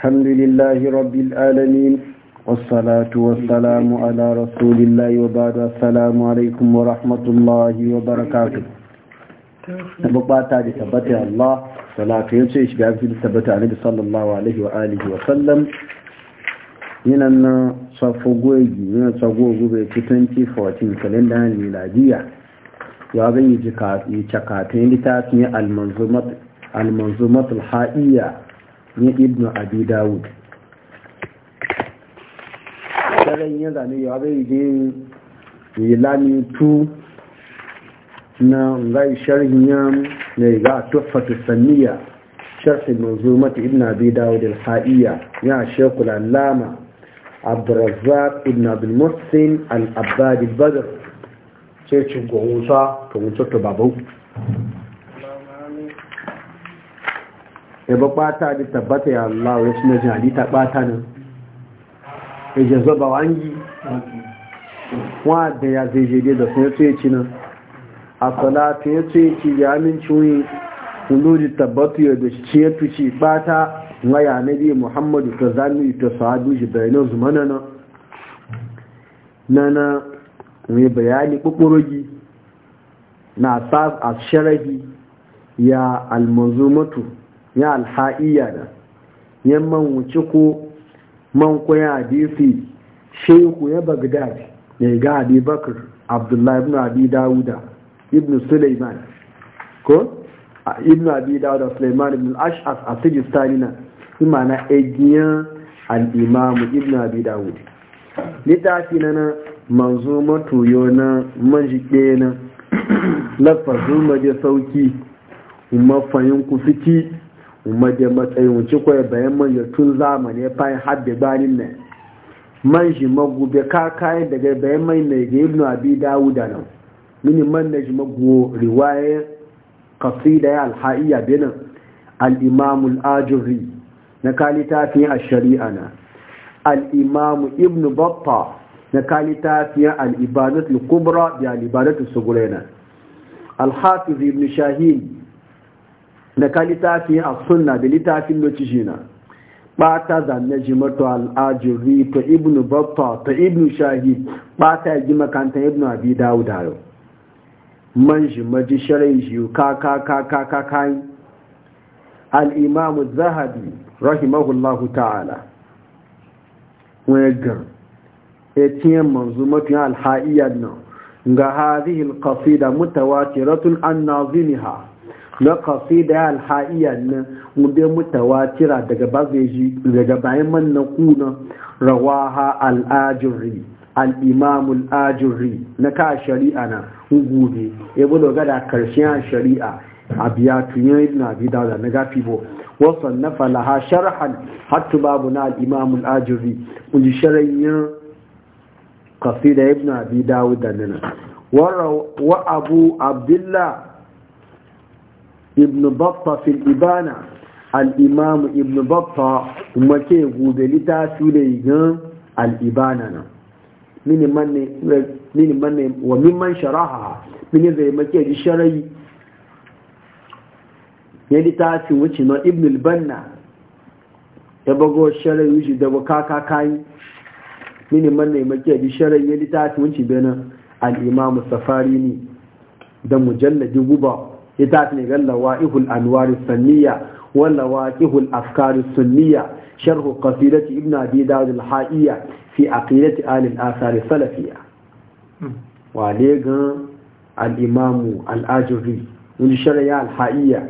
الحمد لله رب العالمين والصلاة والسلام على رسول الله وبعد السلام عليكم ورحمة الله وبركاته tabbata da tabbata Allah salatu yace shi ga fi tabbata annabi sallallahu alaihi wa alihi yinan na safo gobe 2014 kalenda miladiya ya ga yi jika yi chakata ta haiyya ni ibnu abi dawud daren yin zane yawa bai je yilani tu na ngai sharhin yam ne ga tuffatu saniya sharhin manzumati ibnu abi dawud al-ha'iyya ya shekul allama عبد الرزاق ابن al المحسن العباد البدر sai cin gwanwusa ta wuce ta babu ya ba ɓata da tabbata ya Allah e ya suna jihadi ta ɓata nan ya je zaba wangi wadda ya zai je da sun ya tsoye ci nan a salatu ya tsoye ci ya wuyi cuyi da tabbatu ya da shi ya tuci ɓata waya na biyu muhammadu ta zami ta sa'adu shi bayanin zumana na na na mai bayani ƙuƙurogi na sa a sharahi ya mutu. ya alha'iya da yan man wuce ko man koya hadisi shehu ya bagdad ya ga abi bakar abdullahi ibn abi dawuda ibn suleiman ko ibn abi dawuda suleiman ibn ash'as a sijistani na imana egiyan al'imamu ibn abi dawud littafi na na manzo matoyo na manjike na lafazin maje sauki mafayin ku fiki umade matsayin wuce kawai bayan manyan tun zamani ya fayin haɗe banin nan man shi magube ka kayan daga bayan mai mai ga ibnu abi dawuda nan mini man na shi maguwo riwaye kasida ya alha'iya benin al'imamu al'ajirri na kali fiye a shari'a na al'imamu ibnu batta na kali fiye al'ibanat al-kubra da al'ibanat al-sugurena al-hafiz ibn shahin da ka littafin a sunna da littafin loci shi na ɓata zanne ji mato al'ajiri ta ibn bata ta ibn shahi ɓata yi makanta ibn abi dawud yau man ji maji sharai jiyu ka ka ka ka ka kai al'imamu zahabi rahimahullahu ta'ala wani gan manzu mafi alha'iyyar nan ga da mutawa mutawatiratun an ha na da kafida alhaiyar nan wunde mutawa tira daga bayan manna kuna rawa ha al'ajirri al'imamul ajirri na ka shari'a na hugude ya bude gada karshen shari'a a biya tuniyar na bida da na gafi bo wasu na falaha sharhan hatu babu na al'imamul ajirri kunji shirayen kafida ibn abi dawud da nuna wa abu abdullah ibn batta fil ibana al'imamu ibn batta kuma ke gobe littafi da yigan al'ibana nan mini manne wa mimman sharaha mini zai make ji sharayi ya littafi wuce na ibn albanna ya bago sharayi wuce da kaka kayi mini manne make ji sharayi ya littafi wuce benin al'imamu safari ne da mujallabi guba littafi ne gan lawa'ihul anwari sunniya wal lawa'ihul afkari sunniya sharhu qasidati ibn abi dawud al haqiya fi aqidati ahli al athar salafiyya hmm. wa le gan al imam al ajuri wani shari'a al haqiya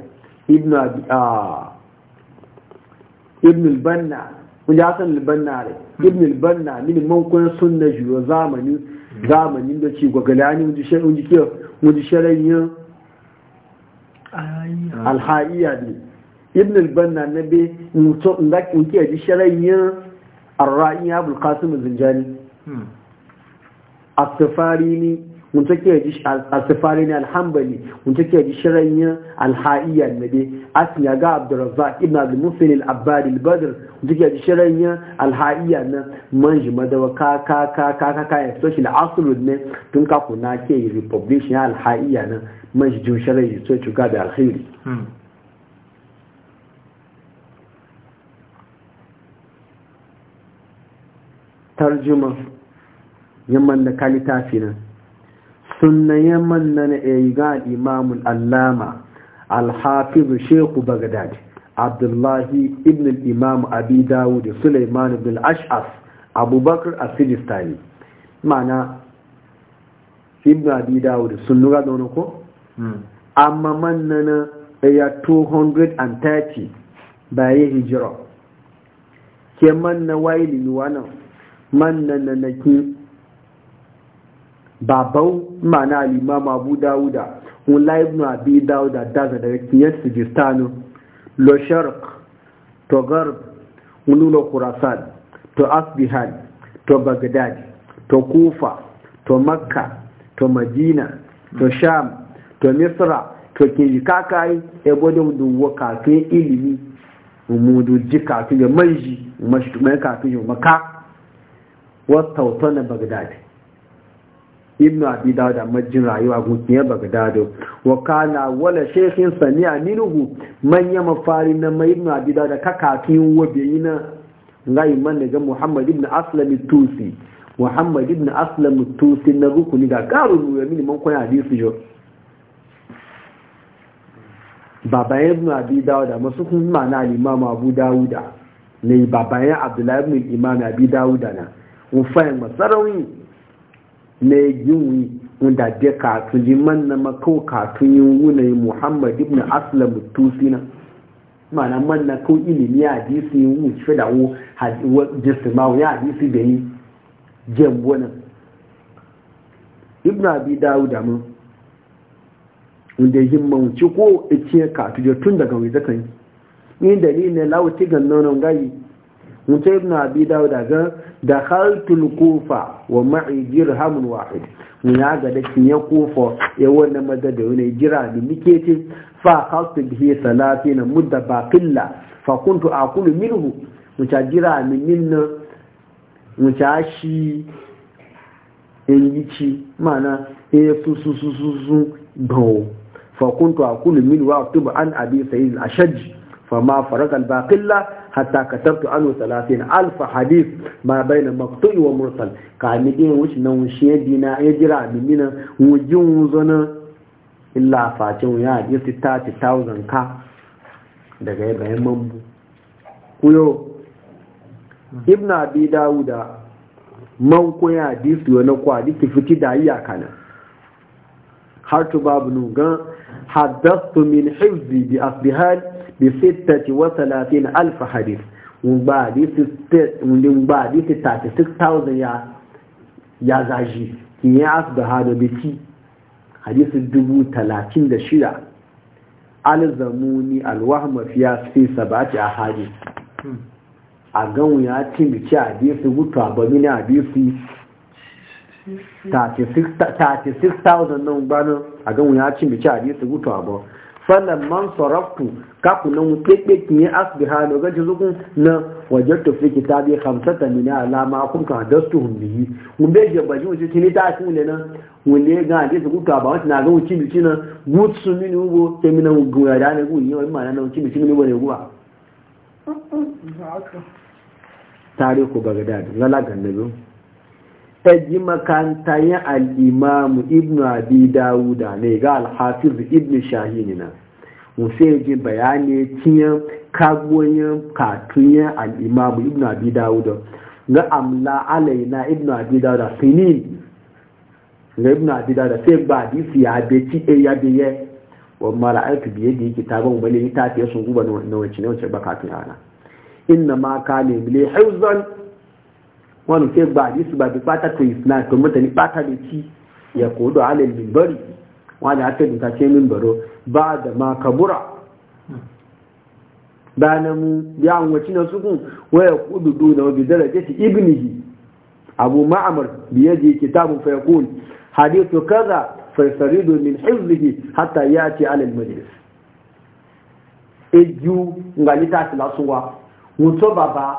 ibn abi ah, ibn al banna wani hasan al banna hmm. ibn al banna min mankon sunna juwa zamani hmm. zamanin da ci mun ji shari'a alha'iya ne ibn al-banna na be mutum da kinki ya ji sharayyar ar-ra'i abul qasim az-zinjani hmm. as mun take ji asifari ne alhambali mun take ji shiranya alhaiya nabi asiya ga abdurrazzaq ibn abd musin al-abbad al-badr mun take ji shiranya alhaiya na manji madawa ka ka ka ka ka ya social asr ne tun ka kuna ke republication alhaiya na manji jin shiranya so ci ga da alkhairi hmm. tarjuma yamman da kalitafi nan sunan yamman na na e ga imamun allama alhafizu sheku bagdad abdullahi ibn imam abi dawud suleiman ibn ash'af abubakar as-sijistani mana ibn abi dawud sun nura da wani ko hmm. amma man na na e ya 230 bayan hijira ke man na waili wannan man na na baban mana al'imam abu dawuda wula ibn abi dawuda daga daga kiyar sigistanu lo sharq to garb lo kurasan to asbihan to bagdad to kufa to makka to madina to sham to misra to kiri kakai ebodin duwa kafin ilimi umudu ji kafin ya manji mashi kafin ya maka wata na bagdad ibnu abi majin rayuwa, jin ya baga bagdado wa kana wala shekin sami'a minhu Manya mafari na mai ibnu abi dawud ka kafin yi na ngai man ga muhammad ibn aslam tusi muhammad ibn aslam tusi na rukuni ga karun ya mini man koyi hadisi jo baba ibn abi dawud amma kun ma na abu dawuda ne baba ya abdullahi ibn imam abi dawuda na mu fahimta sarawin mai ginwi wanda da katuli man na makau katuyin wunayi muhammad ibn aslam tusina mana man na kau ilimi ya hadisi yin wuce fi da wu jisimawu ya hadisi da yi gembo nan ibn abi dawuda mun wanda yin mawuci ko ice katuje tun daga wai zakan yi ni dalilin lauti nan gayi wuce ibn abi dawud ga da haltul kufa wa ma'i dirhamun wahid mun ya ga da kin ya kufa ya wannan madada wani jira da muke ce fa haltu bihi salatina mudda baqilla fa kuntu aqulu minhu mun ta jira min minna mun shi in ci mana eh su su su su su bawo fa kuntu aqulu minhu wa aktubu an abi sa'id al-ashaj fa ma faraka al-baqilla hatta katabtu anu 30 alf hadith ma baina maqtu'i wa mursal ka mi din wuce nan shi dina ya jira minina wujin zona illa fatin ya hadisi 30000 ka daga yayin mambu kuyo ibn abi dauda man koya hadisi wani kwa hadisi fiti da iyaka nan babu tubabu nugan haddastu min hifzi bi asbihal bi sittati wa salatin alf hadith mun ba di mun ba di 36000 ya ya zaji kin ya asba hada biki hadith 36 alzamuni alwahma fiya fi sab'ati ahadith a ganwu ya timbici hadisi gutu abamini hadisi 36,000 nan gbanin a gan cin ya a hadisi wuto abamini falan man saraftu kaku nan kekpe kinye asbiha da gaji zukun na wajen tafi kitabi hamsata min alama kun ka dastu hundihi mun be je baji wuce tini ta tun ne nan wunde ga je su kuka ba wata na ga wuce bici na gutsu min ugo sai min ugo ya dane gu yi wani mana na wuce bici min ugo guwa tare ku bagdad lalagan da biyu ta ji makanta ya al'imamu ibn abi dawuda ne ga alhafiz ibn shahinina musa ji bayani cinye kagoyin katunyen al'imamu ibn abi dawuda ga amla alaina ibn abi dawuda finin ga ibn abi dawuda sai ba disi ya be ci e ya be ye wa mara aiki biye da yake tabon wani ta tafiye sun guba na wacce ne wacce ba katun yana inna ma ka ne bile hauzan Wani ba a fẹ́ ba bi fata pátákì islam tó mọ́tẹ̀ ní da ci ya dọ̀ alẹ́ mìbọ́rì wọn wani aka duka ce min baro ba da ma kabura na mu ya wancin na sukun waya kududu na wabi daraja shi ibnihi abu ma'amar biye je kitabun fa kun hadithu kaza fa yasridu min hizbihi hatta ya ce al majlis eju ngalita tilasunwa muto ba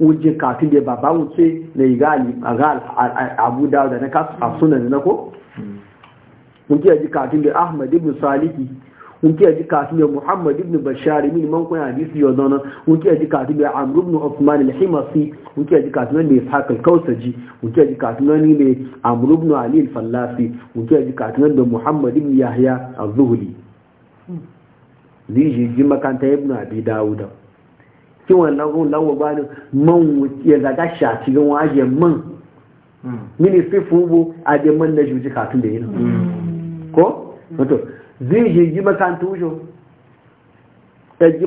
wujin kafin da ba wuce na yi gali a ga abu da na kasu a sunan na ko Wuce kiyaye ji kafin da ahmad ibn saliki wuce kiyaye ji kafin da muhammad ibn bashar min man kun hadisi ya zauna wuce kiyaye ji kafin da amr ibn usman al-himasi mun kiyaye ji kafin da ishaq al-kausaji mun kiyaye ji kafin da ne amr ibn ali al-fallasi mun kiyaye ji kafin da muhammad ibn yahya az-zuhli zai ji makanta ibn abi kí wọ́n lọ́wọ́ lọ́wọ́ bá ní man wuce zaga shaci gan waje man ministry fún ugbo ajé man na juji da yi mm. ko? wato zai ji ji ta ji zai ji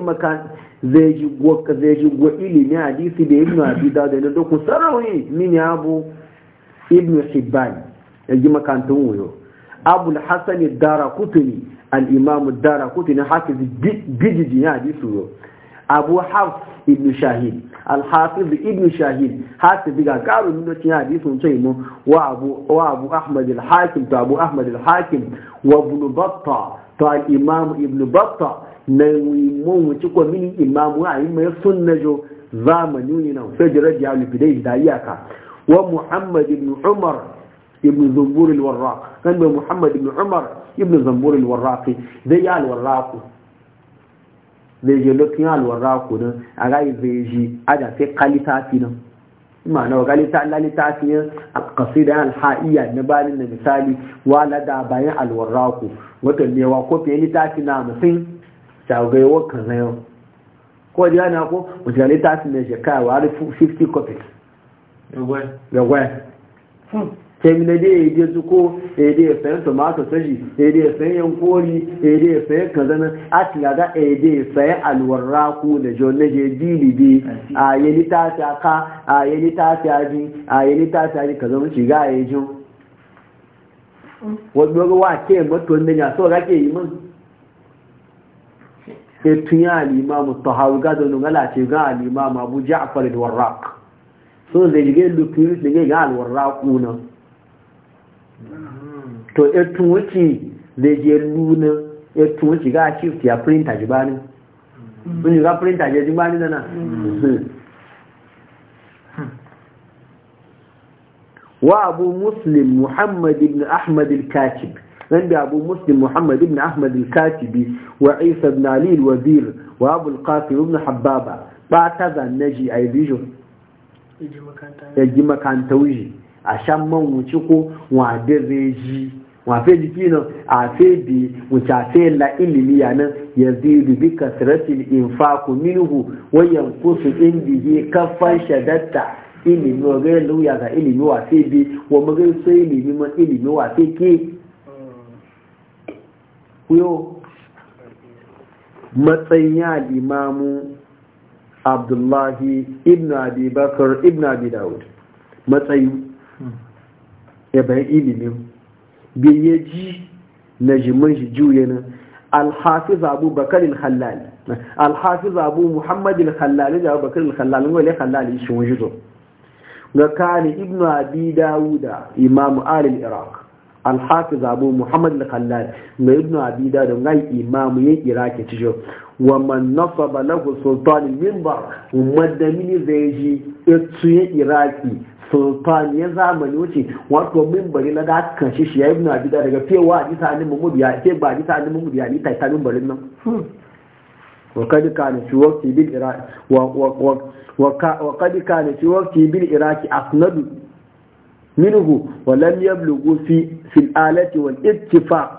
gwaka zai ji gwa da da da dokun abu ibn ya ji abul hasan dara kutuni al imam dara kutuni hafiz bijiji ya abu hafs ibn shahid al-hafiz ibn shahid hafiz ga karu min da hadisin sai mu wa abu wa abu ahmad al-hakim to abu ahmad al-hakim wa ibn batta to imam ibn batta na mun wuce ko min imamu a yi mai sunna jo zamani ne nan sai jirar ya lubidai da iyaka wa muhammad ibn umar ibn zumbur al-warraq kan muhammad ibn umar ibn zumbur al-warraqi ya al zai je lokacin alwara kudin a rayu zai ji aja sai kalita fi nan ma'ana wa kalita lalita fi yin a kasidan alha'iyya na banin da misali wala da bayan alwara ku wata lewa ko fiye littafi na mutum shagai wakan zayon ko ji ana ko wata littafi na shekara wa 50 copies yagwai hmm. kemi dai ya je ko ya dai ya sayan tomato saji ya dai ya sayan yankori ya dai ya sayan kazana a tilaga ya dai ya sayan alwarra ko na jon na je dili bi a ya ni ta ta ka a ya ta ta ji a ya ni ta ta ji kaza mun shiga ya ji wani ga wa ke mato ne ya so rake yi mun sai tun ya alimamu tahawu ga da nungala ce ga alimamu abu ja'far al-warraq so zai jige lukin zai ga al-warraq nan to etun wuce zai je luna etun wuce ga shift ya printer ji bani mun ga printer je ji bani dana hmm. wa abu muslim muhammad ibn ahmad al-katib عند أبو مسلم محمد بن أحمد الكاتبي وعيسى بن علي الوزير وأبو القاسم بن حبابة بعتذا makanta àṣà mọ́ man tí kó wọn àdẹ́rẹ́ yìí wọn àfẹ́ di kí náà àfẹ́ di wọn tí àfẹ́ la ìlìlì yàná yẹ̀dí rìbí kàtìrẹ́tì ìfà kò mínúhù wọ́n yẹ̀ kó so ẹ̀ǹdì kafan káfà ṣẹ̀dẹ́ta ìlìmí ọ̀gẹ́ lóyà gà ìlìmí wà fẹ́ di wọ́n mọ́gẹ́ sọ ìlìmí mọ́ ìlìmí wà fẹ́ ké yóò matsayin al'imamu abdullahi ibn abi bakar ibn abi matsayin ya bayan ilimin ji na jimin shi juya na Alhafi zabu bakarin al-hallali alhafi abu Muhammadin hallali da bakarin bakar Wani hallali wale hallali shi wani zo ga kani ibn abi dawuda imamu alil iraq alhafiz abu muhammad al-khallal mai ibnu abida da ngai imamu ya kira ke tijo wa man nasaba lahu sultan minbar umadda mini zai ji etu ya iraki sultan ya zamani wuce wato minbari na da kan shi shi ya ibnu abida daga fewa a jita ni mamudu ya ce ba jita ni mamudu ya ni ta ta minbarin nan wa kad kana fi waqti bil iraq wa wa wa kad minhu wa lam yablughu fi fil alati wal ittifaq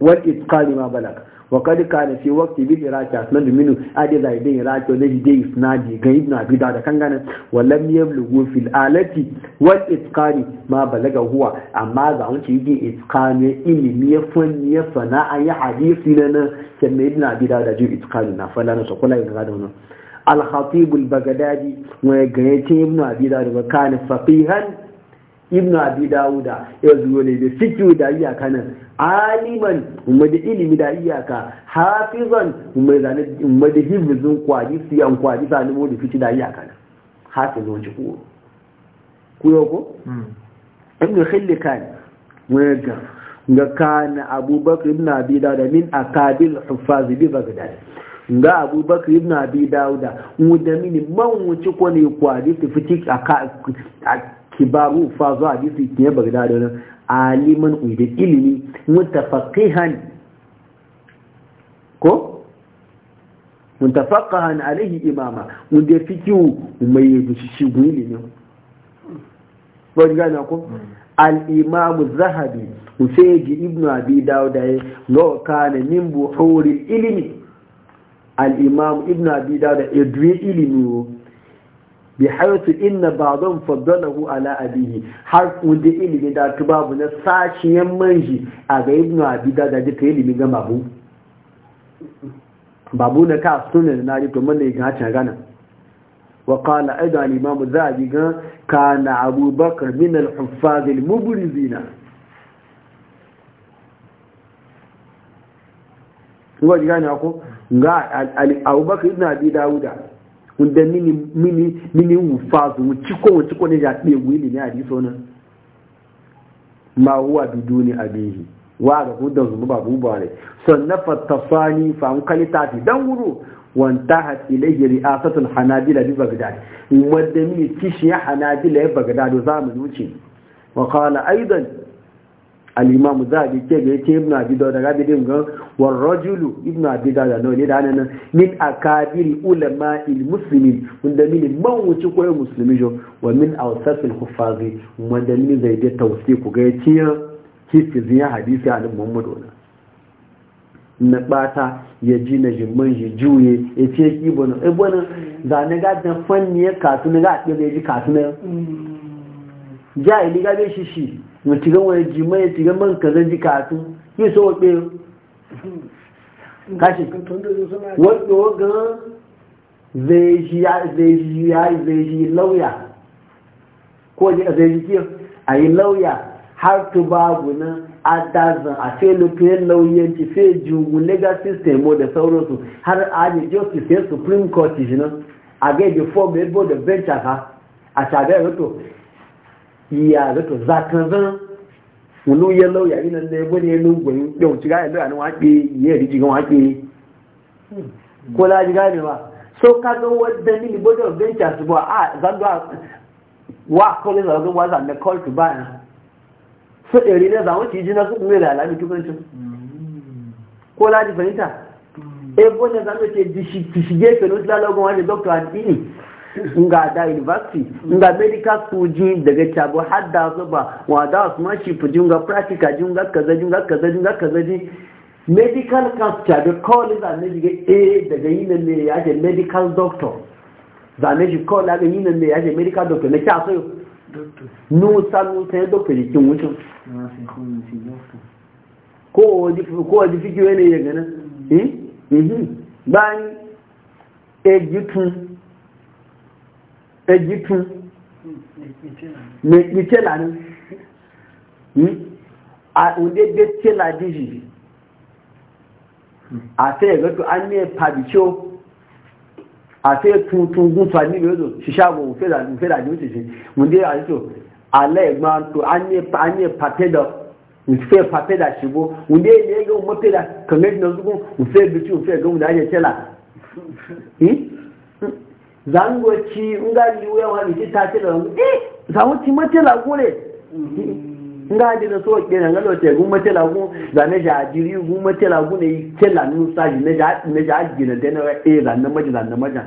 wal itqani ma balagha wa kad kana fi waqti bil iraq asnad minhu ade da idan iraq da ide isnadi ga ibn abi da kan gane wa lam yablughu fil alati wal itqani ma balaga huwa amma za mu ci ide itqani ilimi ya fanni ya sana'a ya hadisi na na kan ibn abi da ju itqani na falana so kula ga da wannan al-khatib al-baghdadi wai ga yace ibnu abi dawud ba kana faqihan ibnu abi da fikihu da iyaka nan aliman umma ilimi da iyaka hafizan umma da umma da kwaji siyan kwaji salimu da fiti da iyaka nan hafizun ji ko ku yau ko ibnu khillikan wai ga ga kana abubakar ibn abi dawud min akabil huffaz bi ga abubakar ibn abi dauda da mini man wuce ko ne ku hadisi fiti a kibaru fa zuwa hadisi ne bagdad nan aliman uidin ilimi mutafaqihan ko mutafaqahan alaihi imama wanda fikihu mai yi shi ilimi ko gana ko al-imamu zahabi Hussein ibn Abi dauda ya ga kana min buhuril ilimi al'imam ibn abida da edwe ilimi bi haitu inna ba zan faddalahu ala abihi har kudi ilimi da tu babu na sashiyan manji a ga ibn abida da jika ilimi ga babu babu na ka suna na rito mana yi gacin gana wa kala aidan al'imamu za a bigan ka na abubakar min al-huffazil muburizina nga abubakar ibn abi dawuda wanda mini mini mini ufazu mu ciko mu ciko ne ya wili ne a diso nan ma huwa biduni abihi wa ga kudan zuba babu ba ne sannan fattasani fa mun kali dan wuro wanta ha ilayya ri'asatul hanabila bi bagdad wanda mini kishi ya hanabila ya bagdad zamanin wuce wa qala aidan al'imamu za a bike ga yake ibn abidau da daga din gan warrajulu ibn abidau da nauni da nan min akabiri ulama il muslimi wanda min man wuce koyo musulmi jo wa min awsasil hufazi wanda min zai da tawsiku ga yake hadisi a na bata ya ji na jimman juye ya ce E za na kasu na ga ɗin ya ji kasu na mm. shi shi mai cigan wani jimai ya cigan man kaza ji katun yi so waɗe kashi wadda waga zai shi lauya ko zai shi kiyar a yi lauya har tu babu nan adazan a felopin lauyanci fe jugu legal system da sauransu har aji justice supreme court shi nan a gaibe form ebo da bench a shagar rito iya zato zakan zan wulu ya lau yayi nan ne bane nu gwayin yau ci ga yalo anan wake ya riji ga wake ko la ji ga ne ba so kaga wadda ni libo da venture su ba a zan ba wa ko ne zan ba zan ne call to buy so eri ne zan wuce ji na su kuma da alami tukuncin ko la ji fahimta e bone zan ce dishige ke nutlalogon wani doctor addini nga da university nga medical school ji daga cabo har da su ba wa da su ma shi fi ga practical nga kaza jinga kaza jinga kaza ji medical doctor da college da ne jiga eh daga yi ne ya ce medical doctor da ne shi college da yi ne ya ce medical doctor ne kya so nusa nusa ya doctor jikin wucin ko wajen fiki wani ya gana mm. hmm? mhm. eh bayan ejitun ẹjí tún ní tẹ́là ní òdédé tẹ́là díjì àti ẹ̀rọ tó a ní pàdìṣó àti tuntun gúnfà nílò èdò ṣiṣàwò òfèrà ní òṣìṣẹ́ òdé àṣìṣò alẹ́ ẹ̀gbọ́n tó a ní pàtẹ́dọ̀ nfe papeda shigo wunde ne ga mopeda kamar na zugun nfe bici nfe ga wunde ake tela zangoci nga liwe wa biti ta ce da eh samu ti mace la gure mm. nga ji da so ke nan galo te gum mace la gu da ne ja jiri gum mace la gu ne ke la nu sa ji ne ja ne ja ji ne da ne eh da ne maji da ne maji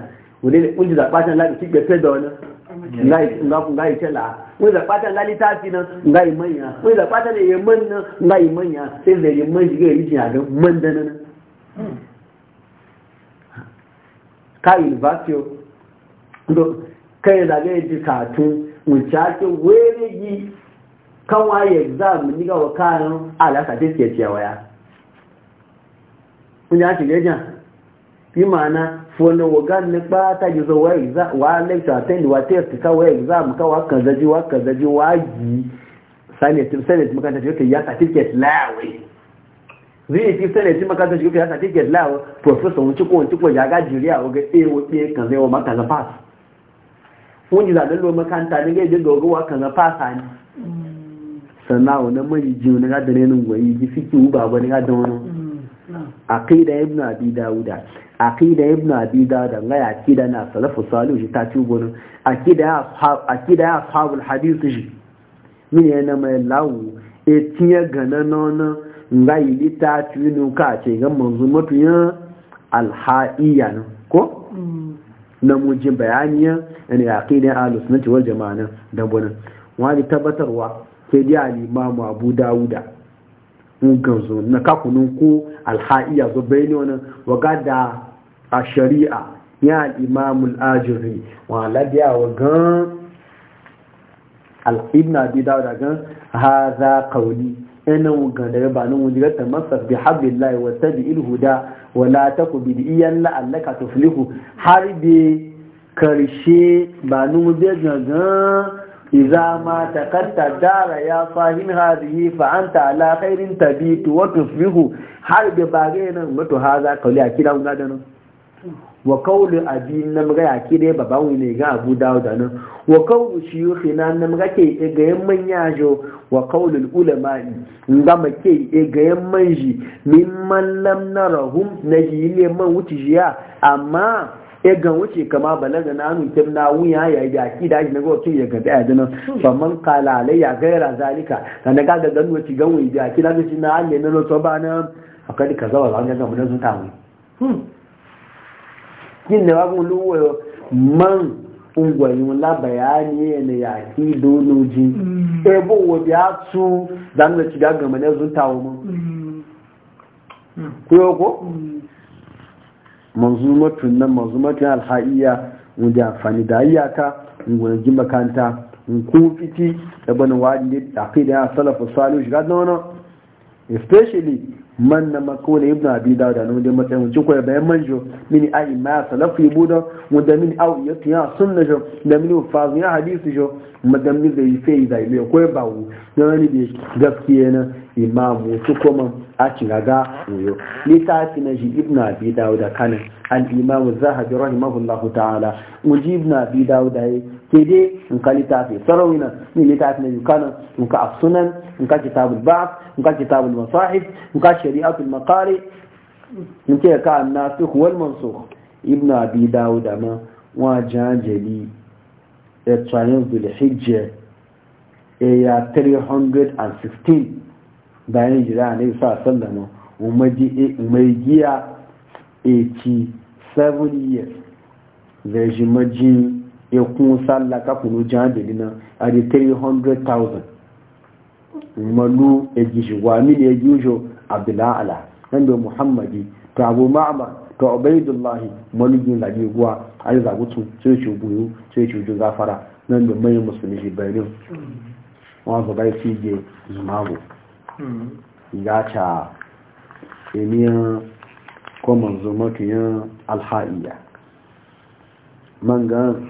wuri unji da patan la ti ke da wani nga nga nga ce la wuri da patan la litafi nan nga yi manya wuri da patan ne man nan nga yi manya sai da yi man ji ga yi ji ga man da nan mm. ka university kai da ga ji katu wuce ake were yi kan waye exam ni ga wakanin alaka ta ke cewa ya kun ya shiga jan bi ma'ana wani wagan ni ba ta ji zo wa exam wa lecture attend wa test ka wa exam ka wa kan zaji wa kan zaji wa yi sanit sanit makanta ce ya certificate lawe zai fi sanit makanta ce ya certificate lawe professor wuce ko wuce ko ya ga jiriya ga ewo ɗaya kan zai wa makanta pass wọ́n yìí làdé ló makanta ní gẹ́gẹ́ gọ́gọ́wà kan na fasa ni sannan wani mai ji wani gadon yana gwani ji fiki uba wani gadon wani aqida ibn abi dauda aqida ibn abi dauda ga ya aqida na salafu salihu shi ta ci gonu aqida ya aqida ya ashabul hadith shi min yana mai lawo, e tiya gana nono nga ili ta ci nu ka ce ga manzo mutuyan alhaiya ko mm. na mujin bayaniyan yani aqidan ahlus na wal jama'a da bunan wani tabbatarwa ke da al Abu Dawuda mun ganzo na kakunan ko zo bai ne Wani. waga da a shari'a ya al al'ajiri wa ladiya wa gan al Abi Dawuda gan za qawli ina da ba nan wujigar ta masar bi hablillahi wa tabi'il wala, wa la taku bid'iyan la'allaka tuflihu har bi karshe ba numu be gangan iza ma takattar dara ya fahim hadihi fa an ta ta'ala khairin tabitu wa tufihu har da bare nan mutu haza kauli a kira mun gadano wa kauli abin nan mun ga yaki dai baban wi ne ga abu dawo da nan wa kauli shiyukhi nan nan ga ke yi, ga yan manya jo wa kauli ulama in ga ma ke ga yan manji min man lam narahum najile man wuti jiya amma ya ga wuce kama balaga na nun na wuya ya ya ki da shi na go ya ga da dana fa man qala ya gaira zalika kan ga ga dan wuce ga ya ki na na alle na to ba na akadi kaza wala ga hmm. mun sun ta mu kin ne man ungwayin la bayani ne ya ki doloji hmm. e bo wo dan wuce ga ga mun sun hmm. ta ko ko manzumatun nan manzumatun alha'iya wanda amfani da ayyaka wanda ji makanta ko fiti da bani wadi da yi da salafu salihu shiga da wani especially man na makola ibn abi dawud da nan da matsayin wancin kwaya bayan manjo mini ai ma salafu ibu da wanda mini awu ya tuya na jo da mini fazu ya hadisi jo madan mi zai fe zai mai kwaya bawu na wani da gaskiya na imamu su kuma a ciraga koyo littafi na shi ibn abi dawuda kanin al-imam zahabi rahimahullahu ta'ala muji ibn abi dawuda ya ke dai in ka littafi sarawina ni littafi na yukana in ka asunan in ka kitabul ba'd in ka kitabul masahib in ka shari'atul maqari in ke ka an-nasikh wal mansukh ibn abi dawuda ma wa jajali e tsayin zulhijja e ya 316 bayan jira ne da sallama mai giya 87 years zai shi majin ya kun sallaka kunu jihadili na a di 300,000 malu ya gishi wa mil ya gishi abdullala wanda muhammadi ta abu ma'amar ta obaidullahi malugin lageguwa a yi zagutu sai ce buyu sai ce ju gafara nan da mai musulmi bayanin wanda bai fi ge zumago Hmm. gata emiyan ko manzo makiyan alha'iya man gan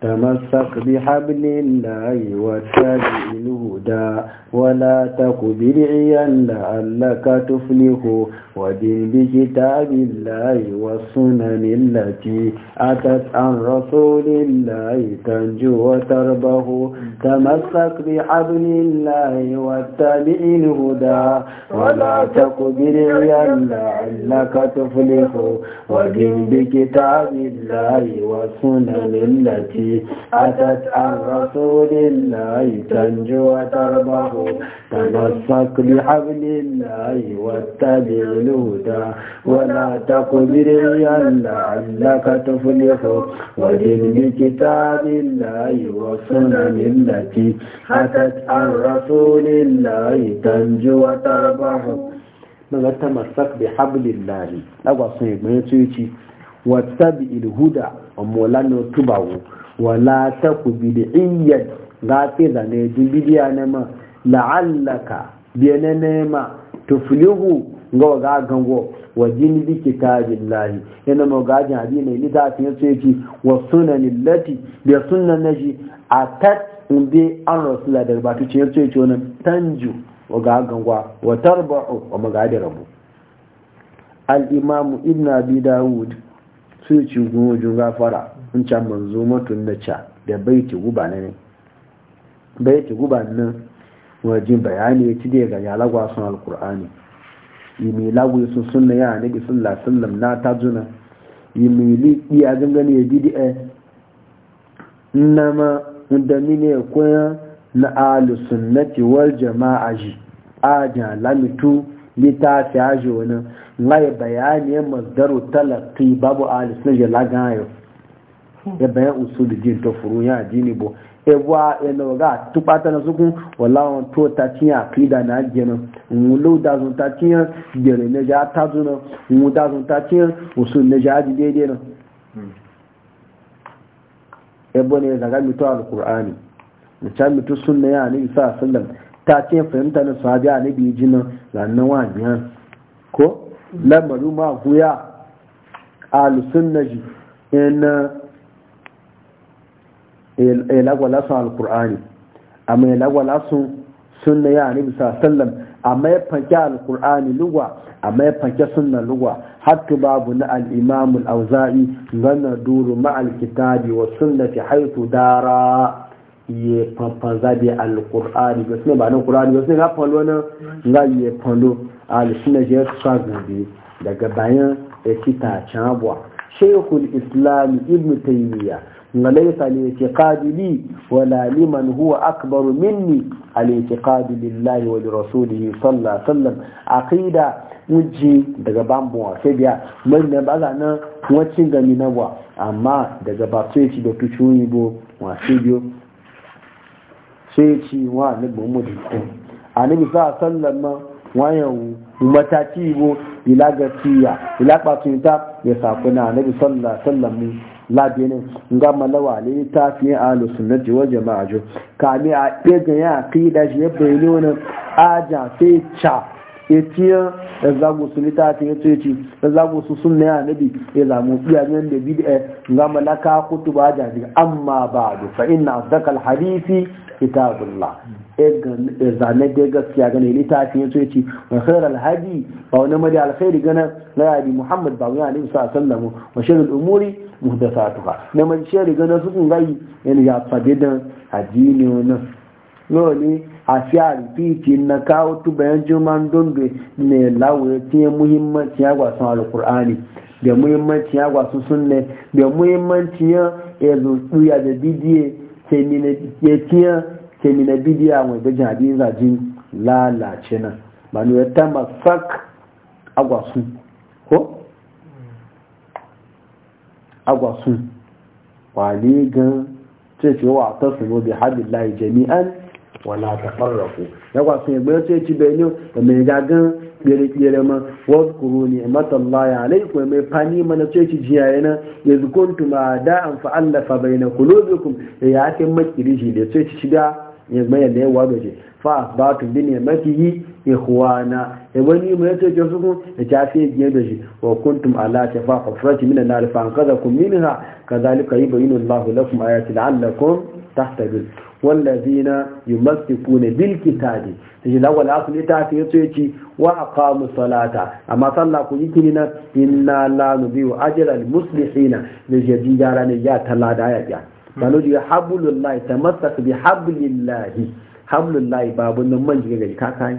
تمسك بحبل الله واتبع الهدى ولا تك برعيا لعلك تفلح ودين بكتاب الله والسنن التي أتت عن رسول الله تنجو وتربه تمسك بحبل الله واتبع الهدى ولا تك برعيا لعلك تفلح ودين بكتاب الله والسنن التي أتت عن رسول الله تنجو وتربه تمسك بحبل الله واتبع الهدى ولا تقبل لعلك تفلح ودن بكتاب الله والسنن التي أتت عن رسول الله تنجو وتربح daga tamarsak bi hablillahi agwa sun yi gbanin tsoyoci wata bi ilhuda a molano tubawo wala ta ku bidiyyan za ta zane ji bidiya na ma la'allaka biya na nema tuflihu ga ga gango wa jini bi kitabin lahi yana ma gajin abi ne ni ta fiye su yake wa sunanin lati da sunan na shi a tat inda an rasula da ba ta ce su yake wani tanju wa ga gangwa wa tarba'u wa magadi rabu al-imamu ibn abi dawud su ci gungun gafara in can manzo matun na ca da baiti guba na ne baiti guba nan wajen bayani ya ci daga ya lagwa sun alkur'ani yi mai lagwai sun sunna ya nabi sallallahu alaihi wasallam na ta juna yi mai liɗi a zangani ya didi eh. a nama da mine koyan na alu sunnati wal jama'a ji a jalamitu littafi aji wani ngai bayani ya mazdaru talaqi babu alu sunna ya lagana ya bayan usul din ta furu ya addini bo ewa yana e ga tukpata na sukun wala to ta tiya akida na gena mulo da zun ta tiya gere ne ja ta zuna mu da zun ta tiya usul ne ja ji daidai na ebo ne daga mito alqur'ani mutan mito sunna ya ne isa sallam ta ce fahimta na sahabi annabi jinan lannan wajiya ko lamaru ma guya alusunnaji ina e ilagwala sun alkur'ani amma lagwala sun sunna ya bisa sallam amma ya fanke alkur'ani lugwa amma ya fanke sunna lugwa hatta babu na al-imam al awzai ganna duru ma al-kitabi wa sunnati haythu dara ye fanfan zabi alkur'ani ga sunna ba nan qur'ani ga sunna fa falo ga ye falo al-sunna ya sa gobe daga bayan ya kita chabwa shaykhul islam ibn taymiyyah وليس الاعتقاد لي ولا لمن هو أكبر مني الاعتقاد لله ولرسوله صلى الله عليه وسلم عقيدة wuce daga bambun a sai biya mun ba za nan wacin gami na nawa amma daga ba sai ci da tuci yi bo wa biyo sai ci wa sa wayan mataki bo ila ila ya sakuna na nabi sallan sallan mu labini ga malawa ne ta fi alu sunnati wa jama'a jo kami a ɗaga ya aqida shi e ya wani aja sai cha etiya da zagu su ta ta yato yace da su sunna ya nabi ya e zamu iya nan da bid'a e, ga malaka kutuba aja amma ba'du fa inna asdaqal hadisi kitabullah zane da gaskiya gane so su yace wa khair alhaji a wani madi alkhairi gana na yadi muhammad ba wani alim sa sallamu wa shar al'umuri muhdasatuha na man shari gana su kun gai yana ya fade da ne wani lori a a fiti na kawo bayan juman dondo ne lawo tiye muhimmanci ya gwasan alkur'ani da muhimmanci ya gwasan sunne da muhimmanci ya ezo da didiye sai ne ya tiye ke mina bidiya mai bajin hadin zajin lalace nan ba ne ta masak agwasu ko? agwasu wale gan ce ce wa ta su bi hadin layi jami'an wala ta farrafu agwasun ya gbaya ce ci benin da mai gagan kere-kere ma wasu kuro ne ya alaikun mai fani mana ce ci jiyaye na ya zukuntu ma an fa'allafa bai na kulobikun da ya ake makirishi da ce ci shiga ya bayan da yawa gaje fa ba tu bin ya maki yi ikhwana e wani mu yace ke su kun ya tafi biye da shi wa kuntum ala ta fa khafrati min an alfa an kaza kum minha kadhalika yubayinu allahu lakum ayati la'allakum tahtadun wallazina yumsikuna bil kitabi to shi lawal asli ta fi yace ci wa aqamu salata amma sallah ku yiki ni na inna la nubiu ajral muslihina ne jabi yarane ya talada ya ya balo ji hablullahi tamassak bi hablillahi hablullahi babu nan man jiga gari kakai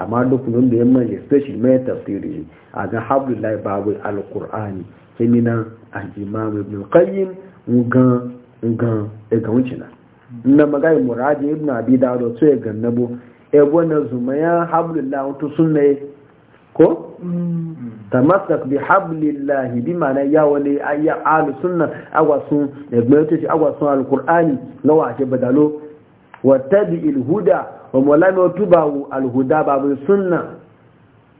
amma duk nun da yamma sai shi mai tafsiri a ga hablullahi babu alqur'ani kimina al-imam ibn qayyim ngan ngan e ga wuce na magai muradi ibn abi dawud so ya gannabo e gwana zumaya hablullahi to sunne ko mm. tamassak bi hablillahi bi ma'ana ya wale ayya ahlu sunna agwasun da gwamnati ce agwasun alqur'ani lawa ce badalo wata tabi'il huda wa mulami wa tubawu alhuda babu sunna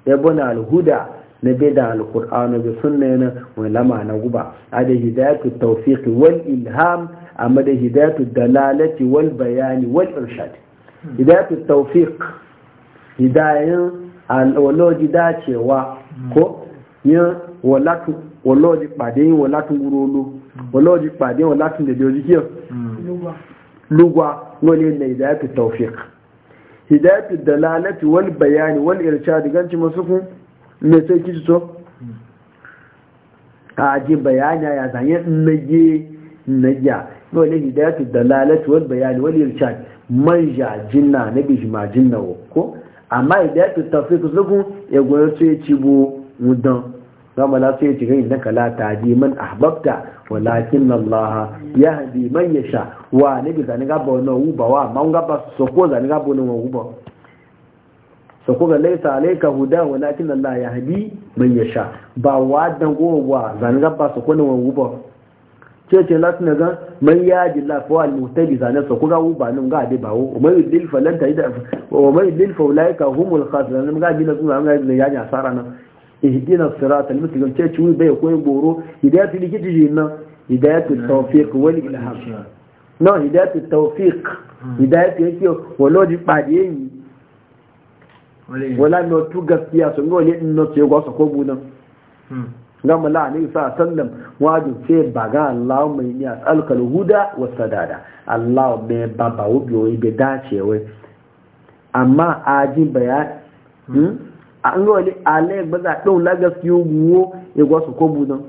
ya bana alhuda na bida alqur'ani bi sunna yana mulama na guba ada hidayatu tawfiq wal ilham amma da hidayatu dalalati wal bayani wal irshad mm. hidayatu tawfiq hidayen alọ́ọ̀lọ́ọ̀dí dacewa kó yán wọ́lọ́ọ̀dí pàdé yín wọ́n látún gúrú olú wọ́lọ́ọ̀dí pàdé wọ́n látún lèdè ojú kíọ̀ lúgbà wọ́n lè na hidayatu ìdáyàtì hidayatu láti wọ́n bayani wọ́n irshad masu kun me sai kici so a ji bayani wọ́n lè bayani ko amma idan ya fita sai ku zugun ya goyi su ya ci bu mudan zama la su ya ci gani na kala ta ji man ahbabta walakin Allah ya hadi man ya sha wa ne bi zani gaba wani wuba wa ma wani gaba so ko zani gaba wani wuba so ko ga laisa alaika huda walakin Allah ya hadi man ya sha ba wa dan wa zani gaba so ko wani wuba ce lati na gan man yaji lafawa al-mutabi zane sa kuga wu ba nun ga ba bawo mai dilfa falan ta ida o mai lil faulaika humul khasirun ga na sun ga na yaji asara nan ihdina sirata al-mustaqim ce wi bai koyi goro hidayatul ji nan hidayatul tawfiq wal ilham no hidayatul tawfiq hmm. hidayatul yake yi wala no tu gaskiya sun ga no ce ko bunan hmm. gama la ne sa sallam wajin ce ba ga Allah mai ni alkal huda wa sadada Allah me baba wo bi wo be dace wai amma aji bayan hmm? an ga wani alai ba za ɗau lagas yi guwo ya gwasu ko budan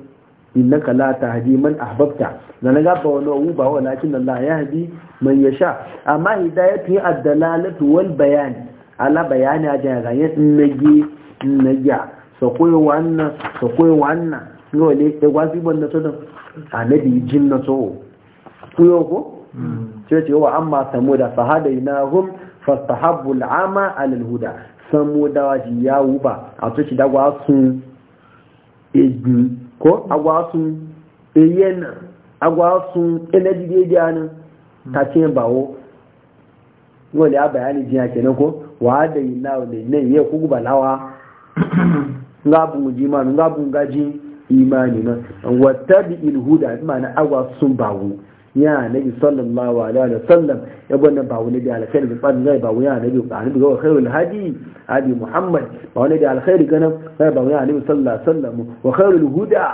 inna ka la ta haji man ahbabta na na gaba wani wu ba wa lakin Allah ya haji man ya sha amma hidayatu ya addalalatu wal bayani ala bayani a jaya ga yin nage nage sakwai wanna sakwai wannan yau ne a gwasi e ban na tunan annabi jin na tsoho kuyo ko hmm. ce ce wa amma samuda fahadai na hum fastahabbu al'ama huda ji ya wuba a tuci gwasun ejin ko agwasun eyena agwasun energy hmm. bawo yau ya a bayani ko wa ya ngabun jimanu ngabun gaji imani na wattabi ilhuda ma'ana awa sun bawo ya nabi sallallahu alaihi wa sallam ya bana ba wani da alkhairi ban zai bawo ya nabi ba nabi ga khairul hadi hadi muhammad ba wani da alkhairi ganan sai bawo ya nabi sallallahu alaihi wa sallam wa khairul huda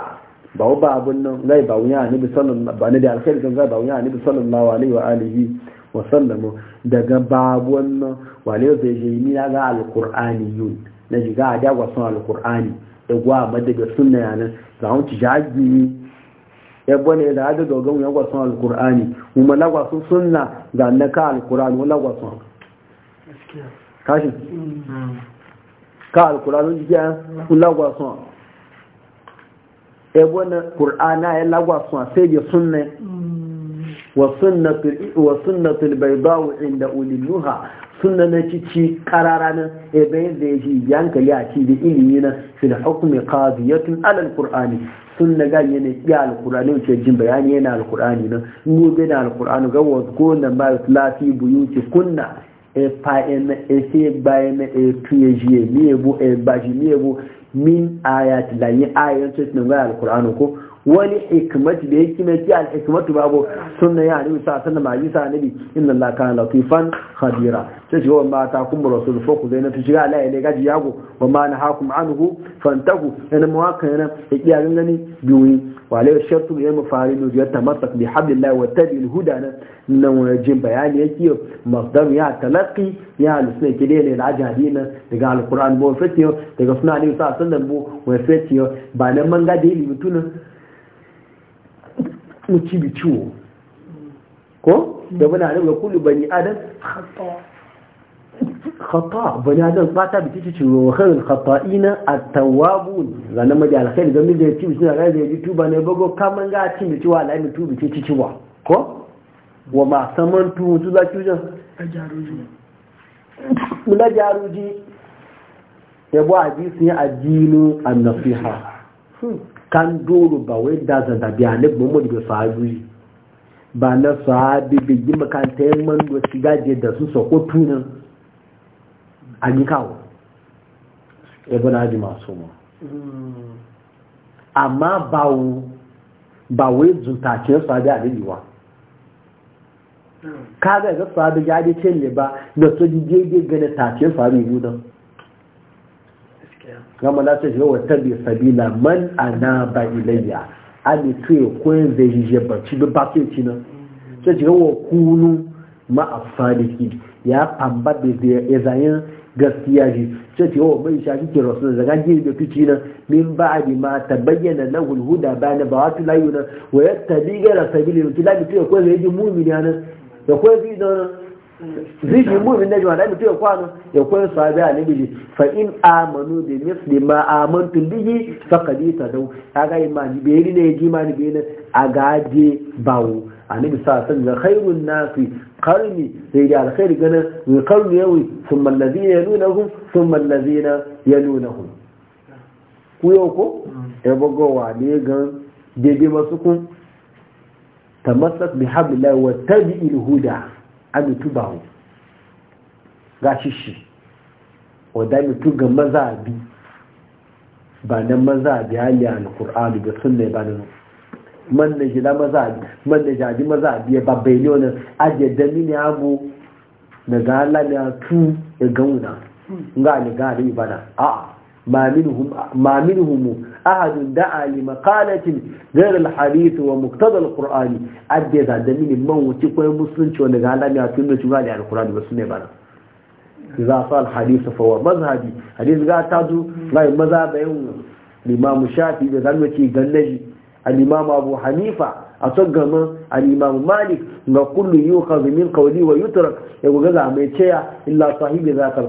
ba ba abun nan zai bawo ya nabi sallallahu ba ne da alkhairi ganan zai bawo ya nabi sallallahu alaihi wa alihi wa sallam daga babu wannan wale zai je ni ga alqur'ani yun na shiga a dagwa sun alkur'ani da gwa madaga sunna yanar za a wuce jagi ya bane da da dogon ya suna alkur'ani kuma suna ga na ka alkur'ani wani lagwasun mm. ka alkur'ani jiya ya bane kur'ana ya sai ya mm. wa sunnatul baydawu inda ulil nuha sunna na cici karara nan e eh, bayan da ya ji yankali a ci da ilimi na fil hukumi qadiyatun ala alqur'ani sunna ga yana ya alqur'ani wuce jin bayani yana alqur'ani na. ni bi da alqur'ani ga wa ko na ba lati buyuti kunna e pa en e se bayan e, e, e tuye jiye mi e bu e baji mi bu min ayat la ayat ce na ga alqur'ani ko wani hikmat da yake mai ki al hikmatu babu sunna ya ni sa sanna ma yi sa nabi inna allah kana latifan khabira sai ji wa mata kun rasul zai ku zainatu shiga ala ne gaji yago wa ma na hakum anhu fantahu ina mawaka ina ya gangani biyu wa alai shartu ya mafaridu ya tamassak bi hablillah wa tabi al huda nan jin bayani yake masdar ya talaqi ya lusne dai ne da ajadina daga alquran bo fetiyo daga sunna ne sa sallan bo wa fetiyo ba nan man ga da tunan mutum bi ciwo ko da bana adam ga kullu bani adam khata bani adam bata bi cici ciwo khairul khata'ina at-tawwabun a maji alkhairi ga mijin ya ci bi suna ga da ji tuba ne bago kaman ga ci bi ciwa lai mi tubi ci ciwa ko wa ma samantu zu za ki wajen mula jaruji yabo hadisi ya addinu an-nasiha hmm. kan doro ba wai da zanda biya ne muhammadu da sahabi ba na sahabi bai yi makanta yin mando shigaje da su sako tunan a yi kawo ibn hajji masu ma hmm. amma ba wai zuntaciyar sahabi a liliwa hmm. kaga ga sahabi ya ce ne ba na soji daidai gane taciyar sahabi yi nan kama la ta shiga wata sabila man ana ba ilayya ali tuye kwen zai jije bacci bi bakin ci nan ta shiga kunu ma a sadiki ya amba da ya zayin gaskiya ji ta shiga wa mai shafi ke rasu da zaga gini da fici nan min ba a ma ta bayyana na hulhuda bayan ba wata layu nan wa ya tabi gara sabili mutu la mi tuye kwen zai ji mumini nan da kwen zai na. ziji mu'min na jama'a da mutu ya kwano ya kwan sahabi a nabiji fa in amanu bi misli ma amantu bihi faqad dau. kaga imani be ri ne ji ma ni be ne agaje bawo annabi sa san da khairun nasi qarni sai da alkhair gana min qarni yawi thumma alladhina yalunahum thumma alladhina yalunahum ku yo ko e wa ne gan dede masu kun tamassak bihablillahi wa tabi'il huda amitu ba hu gashi shi wadda mitu ga mazabi ba nan mazabi hali al-kur'ani da sunne ba nan man da jila mazabi man da mazabi ya babbai ne wani ajiye da ne abu na gala na tu ya gauna ga ni ga ba bana a ma minhum ahadun da'a li maqalatin ghayr al hadith wa muqtada al qur'ani adde da min man wuce koyi musulunci wanda ga halami a tun da shi ga al qur'ani ba sunne ba za sa al hadith fa wa mazhabi hadith ga ta maza mai mazhabayin imam shafi da zan wuce gannaji al imam abu hanifa a son gama al imam malik ga kullu yukhadhu min qawli wa yutrak ya ga za mai ceya illa sahibi za al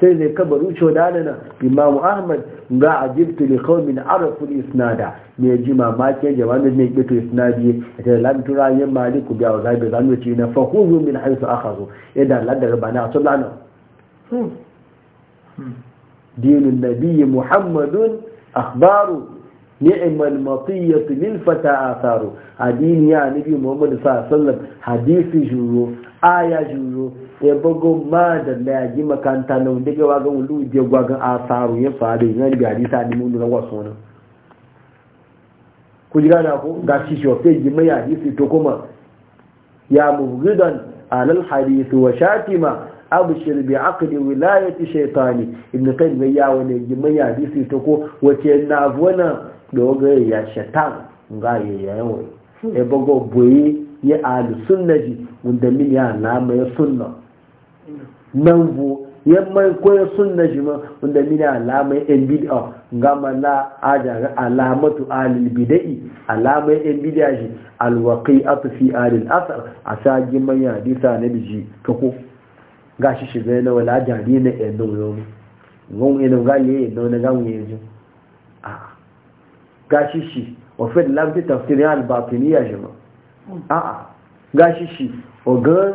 sai zai kabaru cho dalana imam ahmad ga ajibtu li qaumin arafu isnada me ji mamake jama'a ne ke to isnadi da lan turayen maliku ga wazai da zanu ci na fahuzu min haythu akhadhu idan lan da bana to lana hmm. dinun nabiy muhammadun akhbaru ni'mal matiyatu lil fata atharu adini ya nabi muhammad sallallahu alaihi wasallam hadisi juro aya juro ya bago ma da layaji makanta na wanda gawa ga wulu je gwagan asaru ya faru da gari ta ni mun rawa sona ku ji na ko ga shi shi ofe ji mai hadisi to kuma ya mubghidan alal hadith wa shatima abshir bi aqdi wilayati shaytani ibn qayyim ya wani ji mai hadisi to ko wace na vona doga ya shaitan ga ya yawo ya bago boye ya alusunnaji wanda min ya na mai sunna nan bu yamman koya na jima wanda mina alamai yan bid'a gama na ajaga alamatu alil bida'i alamai yan bid'a shi alwaqi'atu fi alil asar a sagi manya hadisa na biji kako gashi shiga na wala jari na yan doyo gon ina gali yan doyo na gamu yanzu a gashi shi wa fi lamti tafsirin albatiniya jima a a gashi shi ogan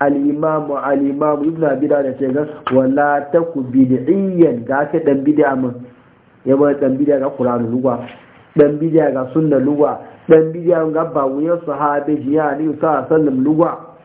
al'imamu al'imamu ibn bida da ce gan wala ta ku bidiyyan ga ake dan bidiya min ya bar dan bidiya ga kuranu lugwa dan bidiya ga sunan lugwa dan bidiya ga ba wuya sahabe jiya ne sa sallam lugwa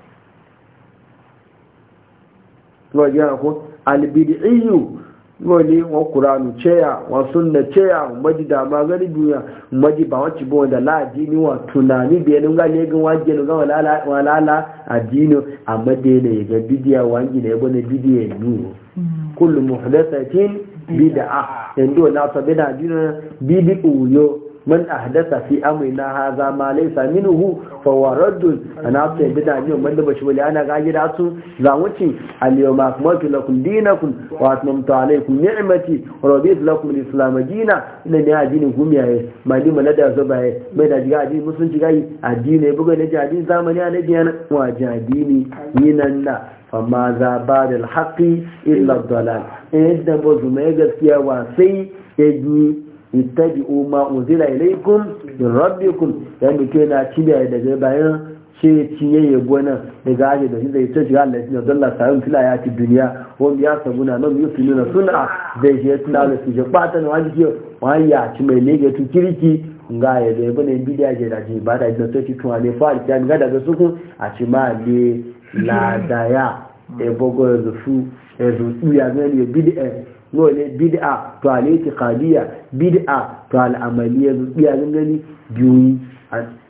to ko al bidiyyu wani wa kuranu ceya wa sunna ceya maji da ma gani duniya maji ba wacce ba wanda la addini wa tunani biya yanin ga ne gan wajen ga walala walala addini amma da ya ga bidiya wangi ne bane bidiya ne hmm. kullu muhdathatin bid'a yando na sabina addini bidi uyo Mun ahdasa fi amrina hadha ma laysa minhu fa huwa radd ana ta bida ne man da bashi wali ana gaji da su za wuce al yawma akmaltu lakum dinakum wa atmamtu alaykum ni'mati wa raditu lakum al islam dina ina ne addini gumiyaye mali mana da zubaye mai da jiga addini musulunci gai addini buga ne jadi zamani ne biyan wa jadi yinan na amma za ba da haƙi illa dalal yadda ba su mai gaskiya wa sai ya yi ittabi'u ma unzila ilaykum min rabbikum dan da ke cibiya daga bayan ce ciye ya gona daga aje da zai ta shiga Allah ya dalla sayin fila ya ci duniya ko biya sabuna nan yi su nuna suna zai je tuna da su je bata na wani ke wani ya ci mai lege tu kirki nga ya zai bane bidiya je da ji ba da ji ta ci tuwa ne fa da ga daga suku a ci ma le la ya e bogo da su e zu ya ne bidiya eh, nole bid'a to al-i'tiqadiyya bid'a to al-amaliyya biya gani biyu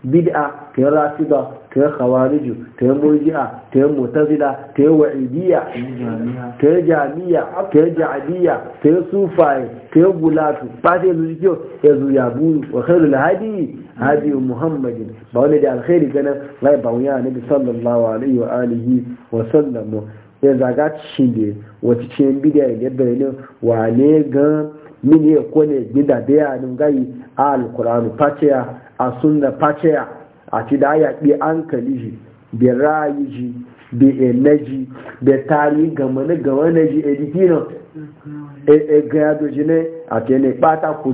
bid'a ta rafida ta khawariju ta murji'a ta mu'tazila ta wa'idiyya ta jamiya ta ja'diyya ta sufai ta gulatu ba sai yanzu kiyo yanzu ya buru wa khairul hadi hadi muhammadin ba wani da alkhairi ganin rai ba wuya nabi sallallahu alaihi wa alihi wa sallam ya zaga shi ne wata cikin bidiyar yadda ne wane gan mini ya kone gida da ya nun gayi a alkur'anu faciya a sunna faciya a ti da ya bi an kali shi bi rayu shi bi enaji bi tari na gama na ji edikino e, e, e gado ji ne a ke ne bata ku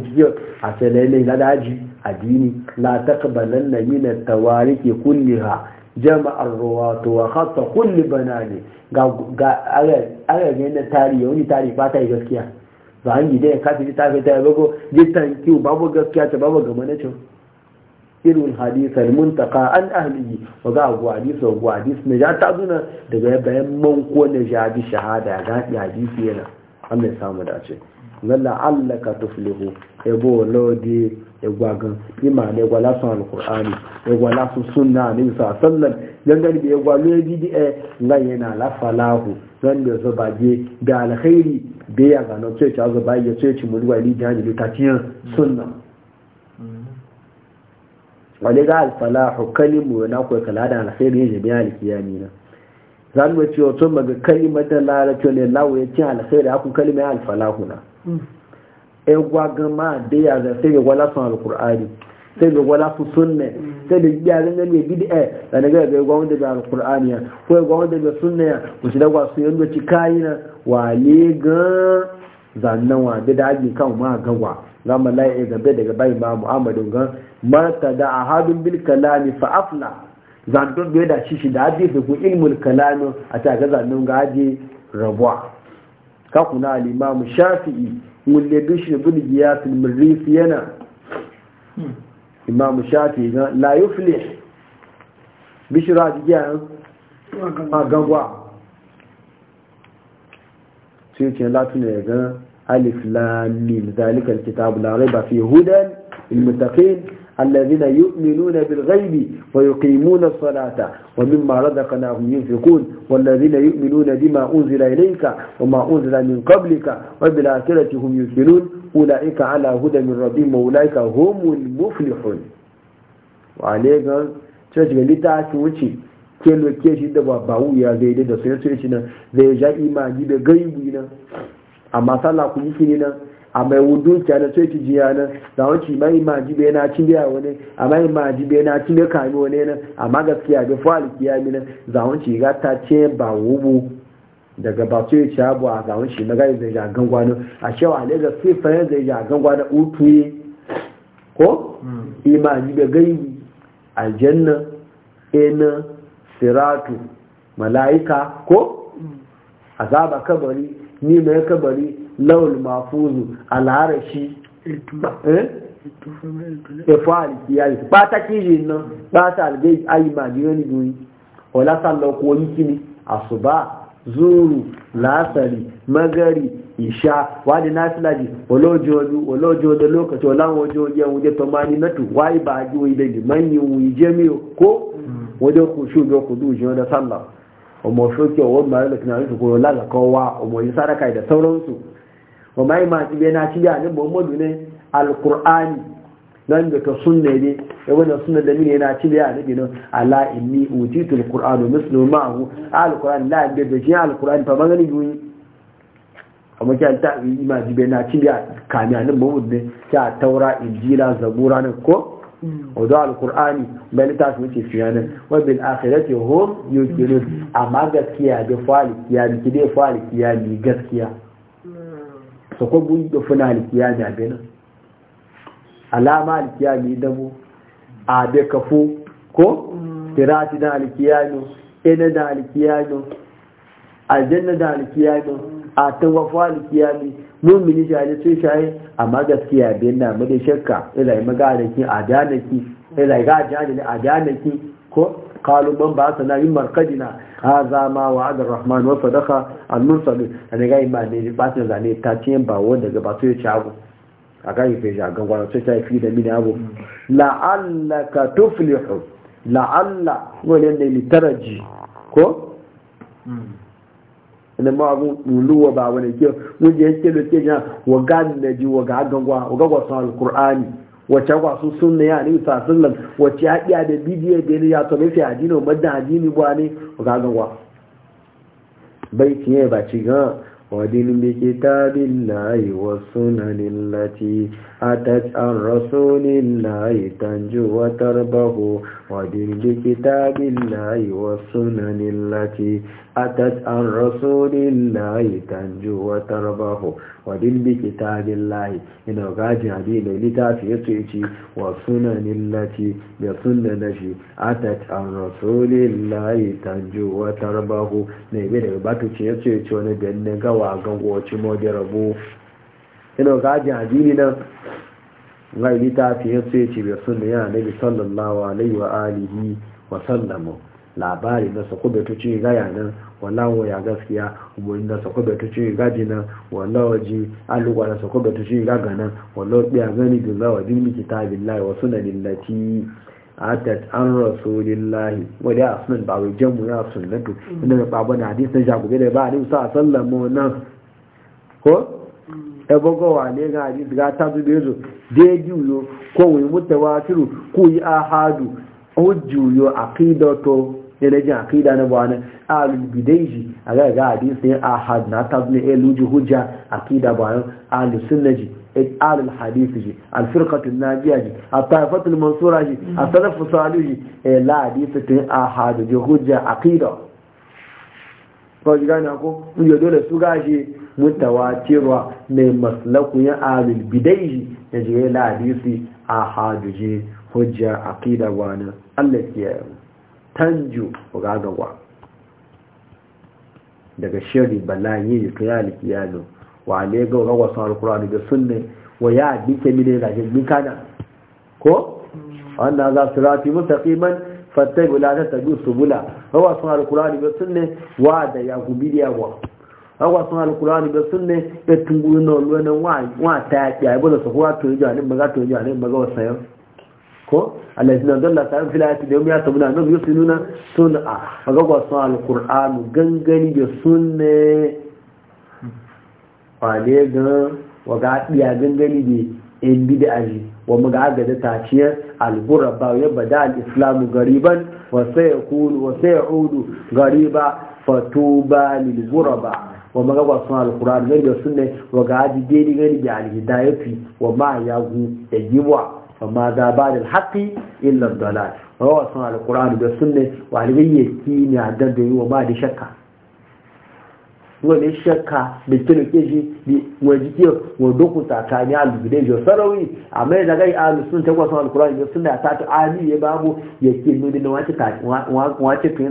a ke ne ne addini la na tawari ke tawariki kulliha jama'ar ruwato wa khatta kulli banani ga agagen na tari yoni tari ba ta yi gaskiya ba an gida ya kafin ta ga ta yi bago jitan kiwo babu gaskiya ta babu gama na cin irin al muntaka an ahliyi wa ga abu hadith wa abu hadisa ja ta zuna daga bayan manko na bi shahada ya ga hadisi yana amma ya samu dace zalla allaka tuflihu ebo lodi egwa gan ima ne egwa lasun alkur'ani egwa lasun sunna ne bisa sallan yan gani bi egwa lo ebi di e nga yana la falahu zan da zo baje da alkhairi be ya ga no ce ta zo baje ce ci mu ruwa ni jani bi tatiya sunna wale ga alfalahu kalimu na ko kala da alkhairi ne bi alkiyami na zan mu ce to maga kalimatan la la to ne lawo ya ci alkhairi akun kalimai alfalahu na egwa gama da ya ga sai ga wala sun alqur'ani sai ga wala su sunne sai da ya ga ne bid'a da ne ga ga gwa wanda da ya ko gwa wanda da sunne ko shi da gwa su yanda ci kayina wale ga zannan wa da dage kan ma gawa za mu laye gabe daga bai ma muhammadu ga mata da ahadun bil kalami fa afla zandon da ya da shi shi da hadisi ko ilmul kalami a ta ga zannan ga aje rabuwa kakuna alimamu shafi'i wulle bishir bin giyasul murrisi yana imamu shafi'i na la yuflih bishir a jigiya a gangwa sai ce latin ya gan alif lamim zalikar kitabu larai ba hudan ilmutakin الذين يؤمنون بالغيب ويقيمون الصلاة ومما رزقناهم ينفقون والذين يؤمنون بما أنزل إليك وما أنزل من قبلك وبالآخرة هم يؤمنون أولئك على هدى من ربهم وأولئك هم المفلحون وعليك تشجع لتعشي وشي kelo ke shi da babawu ya zai da su yace shi nan zai ja imani da gaibi nan amma sallah ku yi shi nan a mai wudun ta da sai ki jiya yana da wanci mai maji bai na cin biya wani a mai maji bai na cin biya kami wani nan amma gaskiya bai fa alkiya mi nan za wanci ga ta ce ba wubu daga ba sai ci abu a za wanci na gai zai jagan gwano a cewa ne lega sai fayar zai jagan gwano utuye ko hmm. ima jibe gaibi aljanna ina siratu malaika ko hmm. azaba kabari ni mai kabari lawal mafuzu al'arashi ẹ̀fọ́ eh? àlìkíyà yi bata yìí ná pátá àlìgbé ayìmá àdìyàn nìdò yìí ọ̀lásàlọ́kù oníkíní àṣùbá zuru lásàrì magari ìṣá wádìí náfìlájì olóòjò olú olóòjò olú lókàtí ọláwọn ojú ojú ẹ̀hún jẹ́ tọmọ anínátù wáyé bá ajú ilẹ̀ yìí máa ń yin ohun ìjẹ́mí kó wọ́n jẹ́ kó ṣú ìjọ kò dùn ìjọ ọdọ sálà ọmọ da ọwọ́ màálùkì náà lóṣù kó lágàkọ́ wá sauransu wa mai masu bai na ci yanin muhammadu ne alkur'ani nan da ta sunna ne ya wani sunna da mini yana ci yanin bi ala inni utitu alkur'anu mislu ma'ahu alkur'an la da da shi alkur'an fa magani biyu a kyan ta yi ma ji bai na ci muhammadu ne ta taura injila zabura ne ko ودعاء القرآن بل تعرف متى a وبالآخرة هم يوكلون أما قد كيا gaskiya. كيا بكده فعل كيا بقد gaskiya. sako gun da funa alkiya da benin alama alkiya ne dabo a da kafo ko tirati da alkiyano ina da alkiyano aljanna da alkiyano a ta wafa alkiyano mummini shaye sai shaye amma gaskiya bin na mu da shakka ilai maganaki a danaki ilai ga jani a ko kalu ban ba sana yin markadina haza ma wa adar rahman wa sadaka al-mursali ne ga imma ne ba ta zane ta cin ba wanda daga ba to ya ci abu a ga ife ja ga gwana to ta fi da mini abu la'allaka tuflihu la'alla wannan ne litaraji ko ne ma abu luwa ba wani ke mun je yake da ke ja wa ga da ji wa ga gangwa wa ga wasan al-qur'ani wacce kwasu sun ne ya nufi sasallam wacce ya iya da bidiyar da ya to mafi adini wa madan adini ba ne wa kagan wa bai tiye ba ci gan wadinin bi kitabillahi wa sunanin أتت عن رسول الله تنجو وتربه ودل بكتاب الله والسنن التي أتت عن رسول الله تنجو وتربه ودل بكتاب الله إنه قاد عديد لتافي يتعيشي والسنن التي بسنن شي أتت عن رسول الله تنجو وتربه نبير باتو يتعيشي ونبيل نغوى غوى تمودي ربو ga ji addini nan ga yi fi ya ce ce bai sun da yana nabi sallallahu alaihi wa alihi wa sallamu labari na sako bai tuce gaya nan wallawo ya gaskiya umarni na sako bai tuce gaji nan wallawo ji aluwa na sako bai tuce gaga nan wallawo ɗaya gani bin zawa jin miki ta billahi wa suna lillaci atat an rasulillahi wadda a sunan ba wai jamu ya sunnatu inda mai ɓaɓa na hadis na jagobe da ba a nisa a sallamu nan ko ebogowa ne ga hadisi ga ta zube zo deji uyo ko wai mutawatiru ku yi ahadu hujji uyo aqidato ne na jin na ahad na ta zube eluji eh, hujja aqida bwana alul sunnaji آل الحديث جي الفرقة الناجية جي kawai gane ko ya dole su gashi mutawatirwa mai maslaku ya abin bidai ya je la hadisi a hajjuje hujja aqida wani Allah ya tanju ga daga shirin balayi ka ya alkiyalo wa ne ga ga wasan da sunne wa ya dike mine da jin kana ko mm. anna za su sirati mustaqiman fattai bula ta tabi su bula hawa sun alkurani ba sun ne wa da ya gubi da yawa hawa sun alkurani ba sun ne ya tunguru na oluwa na wa ta ya kiyaye bula su kuwa to yi jani maza to yi jani maza wasu yau ko alaihi na dalla ta yin filati da ya sabu na nabi yusu nuna sun a maga wa sun alkurani gangani da sun ne wa ne gan wa ga ɗiya gangani da in bi da aji wa muga agada taciyar albura ba ya bada al-islamu gariban wa sai kulu wa sai udu gariba fatuba lil guraba wa muga ba sun al-qur'an ne da sunne wa ga aji dai gani da al-hidayati wa ma ya gu da gibwa fa ma za ba da al illar illa ad-dalal wa sun al-qur'an da sunne wa al-gayyaki ne da da wa ma da shakka wani shakka da kira ke shi wani jike wani dokun tsakani a lubidai jiyo sarauni a mai da gai a lusun ta kwasan alkurani da suna ta ta ali ya babu ya ke nuni na wace kan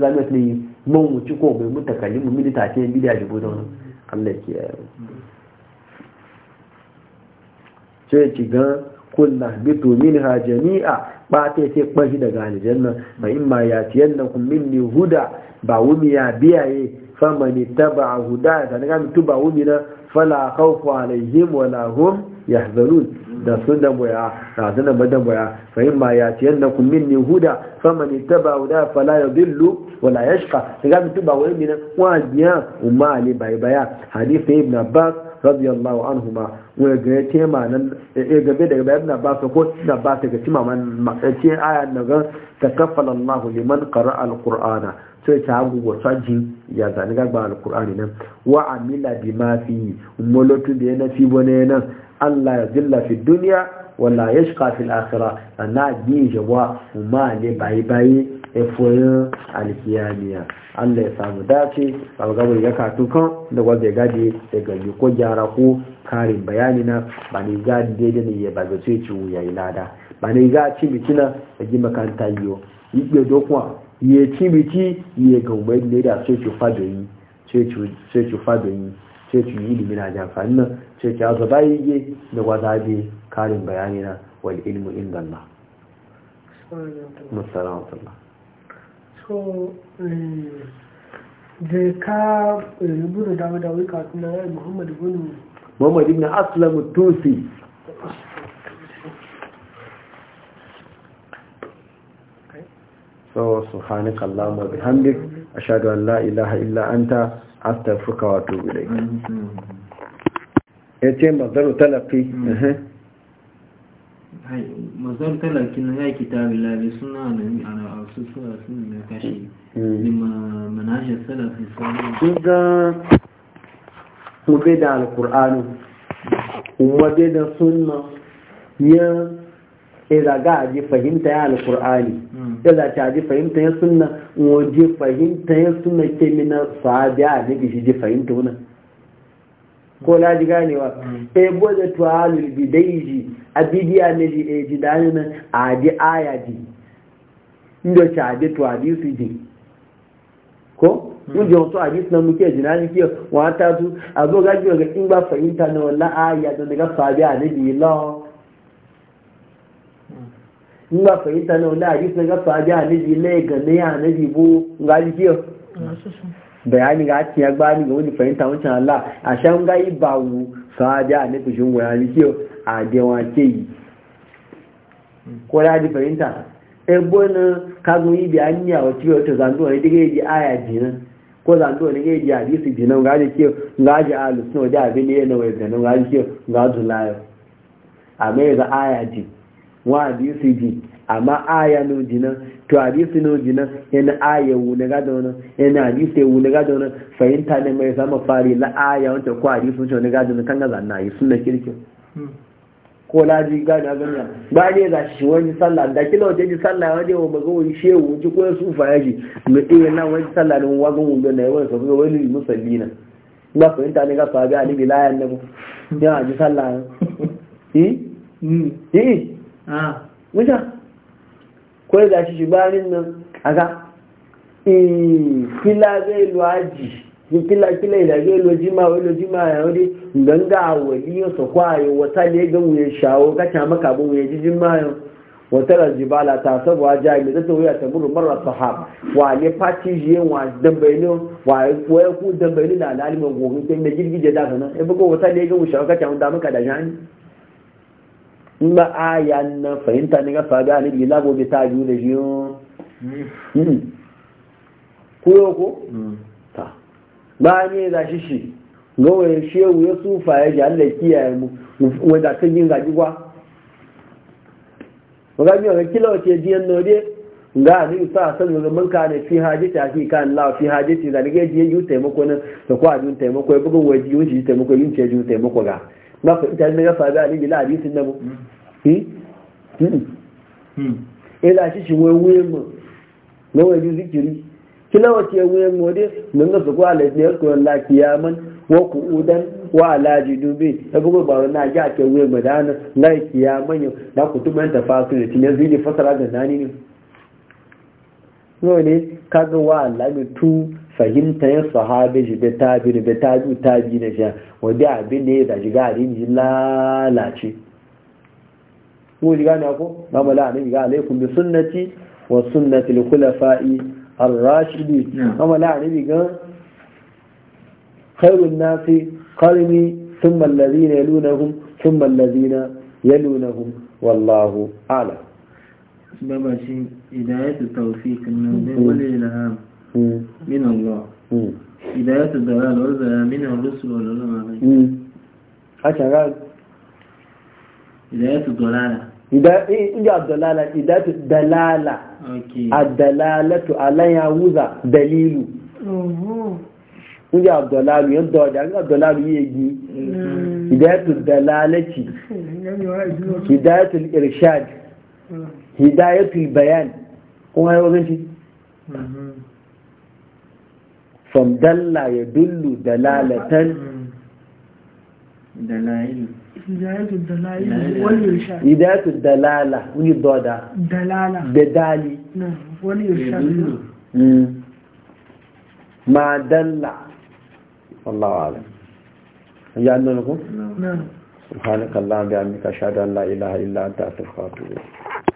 zama su ne man wuce ko mai mutu kalli mu mini tace yin bidiya jibo da wani allah ke ce ci gan min ha jami'a ba ta ce kwashi daga aljanna in ma ya ciyar na kun huda ba wumi ya biyaye فمن اتبع هداه يعني كان متبع فلا خوف عليهم ولا هم يحزنون ده سنة بويا رازنة مدى بويا فإما ياتينكم مني هدى فمن اتبع هداه فلا يضل ولا يشقى يعني كان متبع ومنا وما علي باي بايا حديث ابن عباس رضي الله عنهما ويجري تيما يجبيد ابن عباس وقول ابن عباس يجتيما من مقاتي آية النغان تكفل الله لمن قرأ القرآن sai ta hagu wasu jin ya zane gagba alkur'ani nan wa amila bi ma fi molotu da yana fi bane nan Allah ya zilla fi duniya wala ya shika fi al'akira na biyu jawa ma ne bayi bayi efoyin alkiyaniya Allah ya samu dace a gabar ya kan da wanda ya gade ya gaji ko gyara ko karin bayani na ba ne gadi daidai ne ya bazace ciwo ci wuya lada ba ne ga ci bikina da ji kan yiwu yi gbe dokuwa ye ci biki ya ga umarni da sai ki fado yi sai ki fado yi sai ki yi ilimin a jamfani nan sai ki azo bayi yi da wata bi karin bayani na wal ilmu inda Allah. Musallam Allah. So, eh, eh, da ka rubuta dawo da wika kuma Muhammad Bunu. Muhammadu Ibn Aslamu Tusi. so subhanaka allahumma wa bihamdik ashhadu an la ilaha illa aftar astaghfiruka wato atubu ya ce mazaru talafi mazaru talafi na ya kitabi labi suna yi a wasu suna sun da kashi lima manhajar salafi sun ga mu da alkur'ani kuma da sunna ya sai za ga aji fahimta ya alkur'ani sai za ta aji fahimta ya suna waje fahimta ya suna ke mina sahabi a nabi shi ji fahimta wuna ko na ji ganewa e bude tuwalul ji a bidiya ne ji e ji dani nan a ji aya ji inda ta a ji tuwali su ji ko mun je wasu hadisi na muke jina ne ke wata su a zo gaji ga in ba fahimta na wallan aya da daga sahabi a yi lawa in ba na wani hadis na gasa a jiya nabi na gane ya nabi bo ga jikiyo bayani ga ake ya gbani ga wani fahimta wancan Allah a shan gayi ba wu sa a jiya nabi shi a dewa ke yi ko ya ji fahimta ebo na kagun yi bi an a wata yi aya jinan ko yi jinan ga ga ji wajen abin da ya nawa ya ganin ga na ga zulayo a mai wa hadisi ji ama aya no jinan to n'ogina no jinan yana aya wuna gada wani yana ne fari la aya wanta ko hadisi wuce wani gada za na yi suna kirkin hmm. ko laji gada ganya ba ne za shi wani sallah da kila wata ji sallah wani wa ji ya na wani na na ba ne ga sabi a ni bilayan wuta ko da shi shibarin nan kaga kila zai luwaji kila kila da zai luwaji ma wani luwaji ma ya wani ganga wali ya su kwayo wata ne ga wuye, shawo kacha maka bin wuya jijin mayo wata da jibala ta sabuwa jami ta tawuya ta buru marar sahaba wa ne pati, jiye wa dambaino wa ya ku dambaino da alalimin gogon kai na girgije da sanan ya buga wata ne ga wuya shawo kacha maka da jani ma aya na fahimta ni ga faɗi a nabi lago bi ta biyu da shi koyo ko hmm. ta ba shi shi shehu ya sufa ya ji allah kiyaye mu wanda kan yin zagi gwa ga mi ga kila wace diyan node ga ni sa san ga man ka ne fi hajiti fi kan la fi da ji yu taimako taimako ya bugun yu ji taimako yin ce taimako na fa ita ne ya sabi ali bila hadisin sun nabu eh eh la shi shi wewe mu na waje zikiri kila wace wewe mu dai mun ga su ko Allah ne ko la kiyaman wa udan wa ala jidubi da bugo ba na ga ke wewe mu da na la kiyaman da kutuban tafasil tilan zidi fasara ga nani ne no ne kaga wa alaji tu فهمت يا صحابي بتابير بتابير تابير جا ودع بني دا جغالي جلا لاتي هو جغالي أكو نعم لا عني جغالي كم بسنتي وسنة الخلفاء الراشدين نعم لا عني خير الناس قرمي ثم الذين يلونهم ثم الذين يلونهم والله أعلم بابا شيء هداية التوفيق من ولي الهام من الله هداية الضلال والبلاء منه الرسل والعلماء هكذا هداية الضلالة inda dalala idatu dalala ad-dalalatu ala yawuza dalilu inda dalalu yadda wajen inda dalalu yegi idatu dalalati hidayatul irshad hidayatul bayan kuma yau zan ci فدل يدل دلالة دلائل هداية الدلائل ولي الشاهد هداية الدلالة وني دلالة بدالي نعم ولي الشاهد ما دل الله أعلم أجعلنا لكم نعم سبحانك الله بعمك أشهد أن لا إله إلا أنت أتفقى